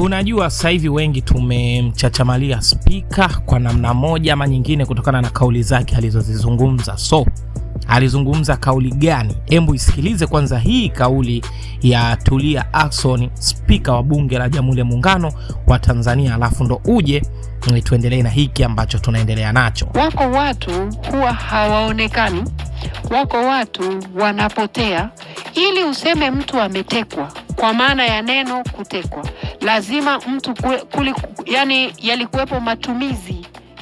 Unajua sasa hivi wengi tumemchachamalia spika kwa namna moja ama nyingine, kutokana na kauli zake alizozizungumza. So alizungumza kauli gani? Hebu isikilize kwanza hii kauli ya Tulia Ackson, spika wa bunge la Jamhuri ya Muungano wa Tanzania, alafu ndo uje eh, tuendelee na hiki ambacho tunaendelea nacho. Wako watu huwa hawaonekani, wako watu wanapotea, ili useme mtu ametekwa, kwa maana ya neno kutekwa lazima mtu kwe, kuli, yani yalikuwepo matumizi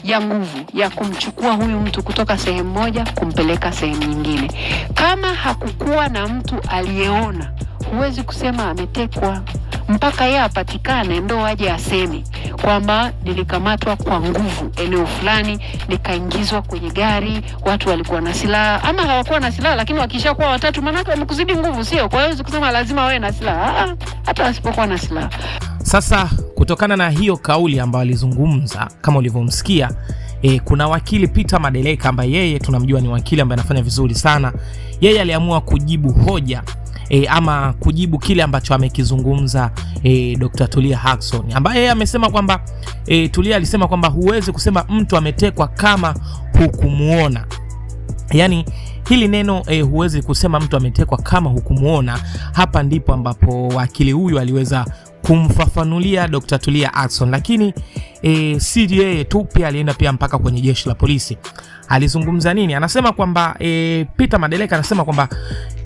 ya nguvu ya kumchukua huyu mtu kutoka sehemu moja kumpeleka sehemu nyingine. Kama hakukuwa na mtu aliyeona, huwezi kusema ametekwa, mpaka yeye apatikane ndo aje aseme kwamba nilikamatwa kwa nguvu eneo fulani, nikaingizwa kwenye gari, watu walikuwa na silaha ama hawakuwa na silaha, lakini wakishakuwa watatu, maanake wamekuzidi nguvu, sio? Kwa hiyo kusema lazima wawe na silaha, ah, ah, hata wasipokuwa na silaha. Sasa kutokana na hiyo kauli ambayo alizungumza kama ulivyomsikia e, kuna wakili Peter Madeleka ambaye yeye tunamjua ni wakili ambaye anafanya vizuri sana. Yeye aliamua kujibu hoja E, ama kujibu kile ambacho amekizungumza e, Dr. Tulia Ackson ambaye yeye amesema kwamba e, Tulia alisema kwamba huwezi kusema mtu ametekwa kama hukumuona. Yaani hili neno e, huwezi kusema mtu ametekwa kama hukumuona. Hapa ndipo ambapo wakili huyu aliweza kumfafanulia Dr. Tulia Ackson, lakini e, si yeye tu, pia alienda pia mpaka kwenye jeshi la polisi. Alizungumza nini? Anasema kwamba e, Peter Madeleka anasema kwamba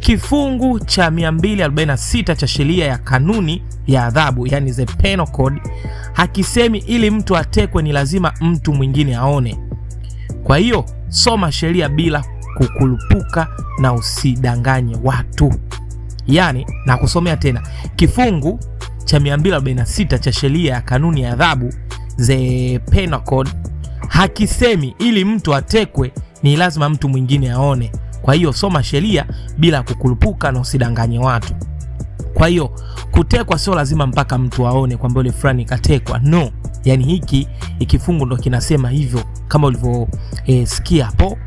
kifungu cha 246 cha sheria ya kanuni ya adhabu, yani the penal code, hakisemi ili mtu atekwe ni lazima mtu mwingine aone. Kwa hiyo soma sheria bila kukulupuka na usidanganye watu. Yani, nakusomea tena kifungu cha 246 cha sheria ya kanuni ya adhabu za Penal Code hakisemi ili mtu atekwe ni lazima mtu mwingine aone. Kwa hiyo soma sheria bila kukulupuka na usidanganye watu. Kwa hiyo kutekwa sio lazima mpaka mtu aone kwamba yule fulani katekwa, no. Yani hiki kifungu ndo kinasema hivyo, kama ulivyosikia eh, hapo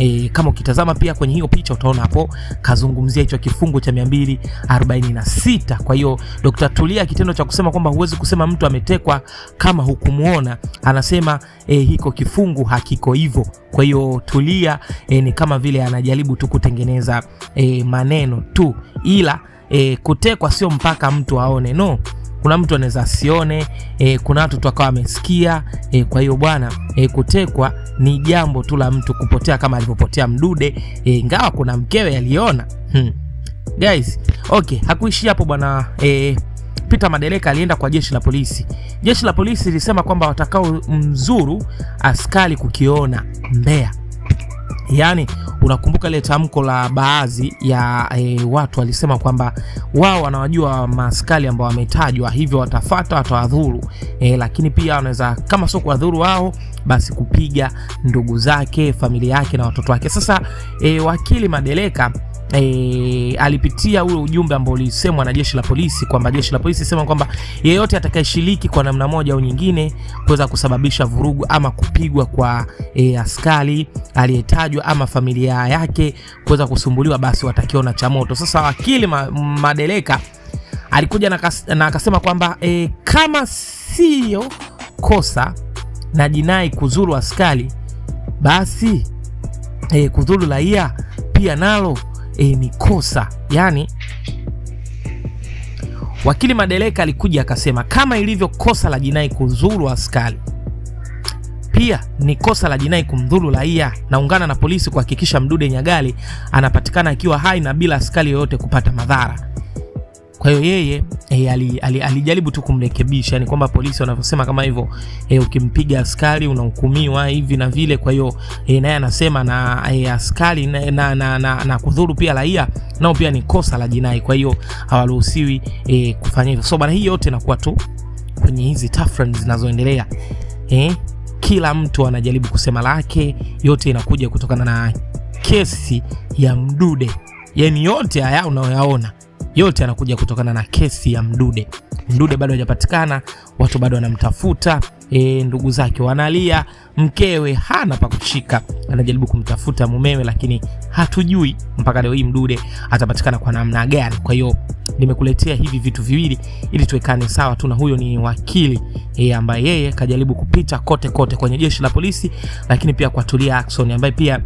E, kama ukitazama pia kwenye hiyo picha utaona hapo kazungumzia hicho kifungu cha 246. Kwa hiyo Dr. Tulia kitendo cha kusema kwamba huwezi kusema mtu ametekwa kama hukumuona, anasema e, hiko kifungu hakiko hivyo. Kwa hiyo Tulia e, ni kama vile anajaribu tu kutengeneza e, maneno tu, ila e, kutekwa sio mpaka mtu aone no kuna mtu anaweza asione e, kuna watu tukawa amesikia e, kwa hiyo bwana e, kutekwa ni jambo tu la mtu kupotea kama alivyopotea Mdude e, ingawa e, kuna mkewe aliona hmm. Guys, okay, hakuishi hapo bwana e, Peter Madeleka alienda kwa jeshi la polisi. Jeshi la polisi lilisema kwamba watakao mzuru askari kukiona Mbeya, yaani unakumbuka ile tamko la baadhi ya e, watu walisema kwamba wao wanawajua maaskari ambao wametajwa, hivyo watafata, watawadhuru e, lakini pia wanaweza kama sio kuwadhuru wao, basi kupiga ndugu zake, familia yake na watoto wake. Sasa e, wakili Madeleka e, alipitia ule ujumbe ambao ulisemwa na jeshi la polisi kwamba jeshi la polisi sema kwamba yeyote atakayeshiriki kwa namna moja au nyingine kuweza kusababisha vurugu ama kupigwa kwa e, askari aliyetajwa ama familia yake kuweza kusumbuliwa, basi watakiona cha moto. Sasa wakili ma, Madeleka alikuja na akasema kwamba e, kama siyo kosa na jinai kuzuru askari basi e, kudhuru raia pia nalo e, ni kosa. yani wakili Madeleka alikuja akasema kama ilivyo kosa la jinai kuzuru askari, pia ni kosa la jinai kumdhuru raia. Naungana na polisi kuhakikisha Mdude Nyagali anapatikana akiwa hai na bila askari yoyote kupata madhara. Kwa hiyo yeye E, eh, alijaribu ali, ali tu kumrekebisha, yani kwamba polisi wanavyosema kama hivyo e, ukimpiga askari unahukumiwa hivi na vile. Kwa hiyo e, naye anasema na e, askari na, na, na, na, na kudhuru pia raia nao pia ni kosa la jinai, kwa hiyo hawaruhusiwi e, kufanya hivyo. So bana, hii yote inakuwa tu kwenye hizi tafrani zinazoendelea e, kila mtu anajaribu kusema lake, yote inakuja kutokana na kesi ya Mdude, yani yote haya unayoyaona yote yanakuja kutokana na kesi ya Mdude. Mdude bado hajapatikana, watu bado wanamtafuta. E, ndugu zake wanalia, mkewe hana pa kushika, anajaribu kumtafuta mumewe, lakini hatujui mpaka leo hii Mdude atapatikana kwa namna gani. Kwa hiyo nimekuletea hivi vitu viwili ili tuwekane sawa tu, na huyo ni wakili e, ambaye yeye kajaribu kupita kote kote kwenye jeshi la polisi, lakini pia kwa Tulia Ackson ambaye pia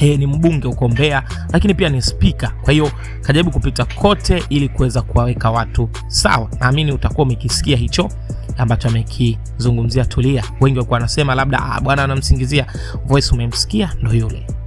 e ni mbunge huko Mbeya, lakini pia ni spika. Kwa hiyo kajaribu kupita kote ili kuweza kuwaweka watu sawa. Naamini utakuwa umekisikia hicho ambacho amekizungumzia Tulia. Wengi walikuwa wanasema labda ah, bwana anamsingizia, voice umemsikia, ndo yule.